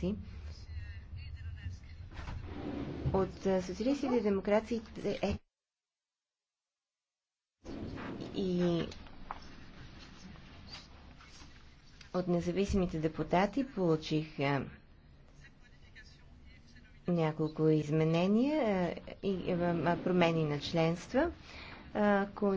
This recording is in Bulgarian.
си. От социалистите и демокрациите е и от независимите депутати получих няколко изменения и промени на членства.